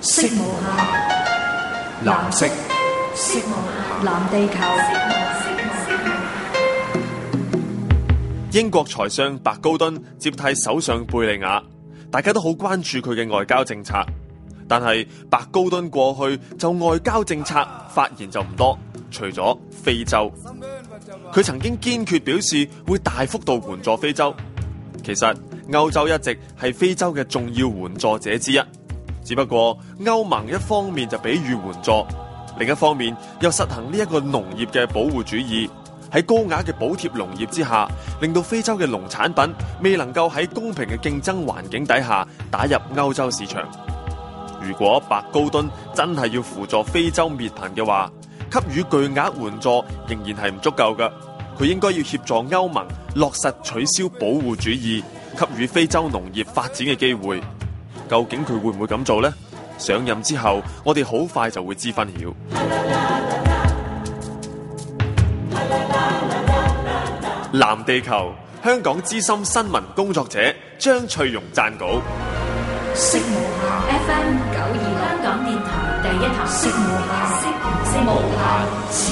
色無限，藍色。色無限，藍地球。英國財相白高敦接替首相貝理雅，大家都好關注佢嘅外交政策。但係白高敦過去就外交政策發言就唔多，除咗非洲，佢曾經堅決表示會大幅度援助非洲。其實歐洲一直係非洲嘅重要援助者之一。只不過歐盟一方面就給予援助，另一方面又實行呢一個農業嘅保護主義，喺高額嘅補貼農業之下，令到非洲嘅農產品未能夠喺公平嘅競爭環境底下打入歐洲市場。如果白高敦真係要輔助非洲滅貧嘅話，給予巨額援助仍然係唔足夠㗎，佢應該要協助歐盟落實取消保護主義，給予非洲農業發展嘅機會。究竟佢會唔會咁做呢？上任之後，我哋好快就會知分曉。藍地球，香港資深新聞工作者張翠容撰稿。FM 九二香港電台第一台。